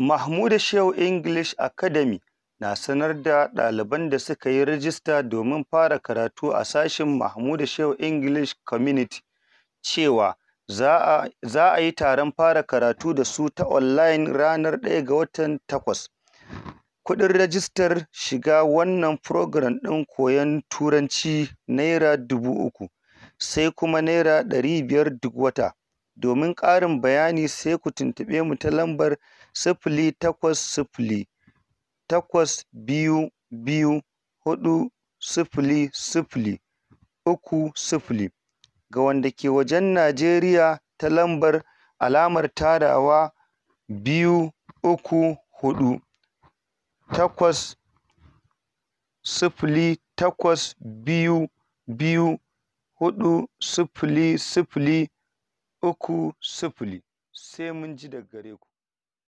Mahmuda Shehu English Academy na sanar da ɗaliban da suka yi rajista domin fara karatu a sashen Mahmud Shehu English Community cewa za a yi taron fara karatu da su ta online ranar 1 ga watan Takwas. Kuɗin rajistar shiga wannan program ɗin koyon Turanci Naira dubu uku, sai kuma Naira ɗari biyar duk wata. Domin ƙarin bayani sai ku tuntuɓe mu ta lambar sifili takwas sifili takwas biyu biyu huɗu sifili sifili uku sifili ga wanda ke wajen Najeriya ta lambar alamar tarawa biyu uku huɗu takwas sifili takwas biyu biyu huɗu sifili sifili uku sifili sai mun ji daga gare ku.